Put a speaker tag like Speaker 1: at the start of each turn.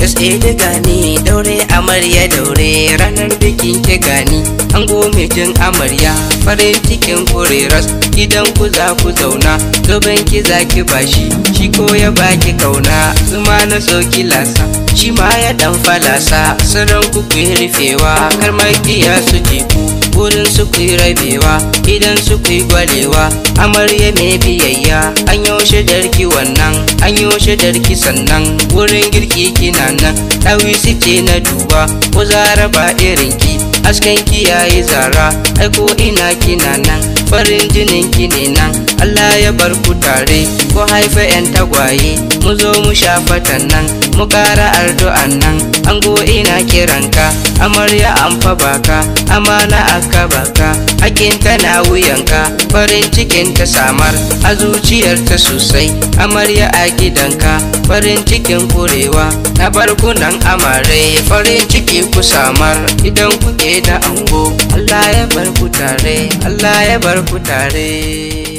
Speaker 1: Jos eh, da gani daure amarya daure ranar bikin ke gani an gome jin amarya farin cikin kore ras gidan ku za ku zauna zoben ki za ki bashi shi ko ya baki kauna zuma na soki lasa shi ma ya dan falasa sauran ku ku rufewa kar makiya su jiku wurin su kuyi rabewa idan su kuyi gwalewa amarya mai biyayya an yaushe darki wannan an yaushe darki sannan wurin girki kina nan ɗawi su na duba ko zara ba irin ki askan ki yayi zara ai ina kina nan farin jinin ki ne nan Allah ya bar ku tare ku haifa 'yan tagwaye mu zo mu shafatan nan mu ƙara addu'an nan an ango ina kiranka amarya an fa baka amana aka baka hakinta na wuyanka farin cikin ta samar a zuciyar ta sosai amarya a gidanka farin cikin kurewa na barkunan amare farin ciki ku samar idan kuke da ango Allah ya bar ku tare Allah ya bar ku tare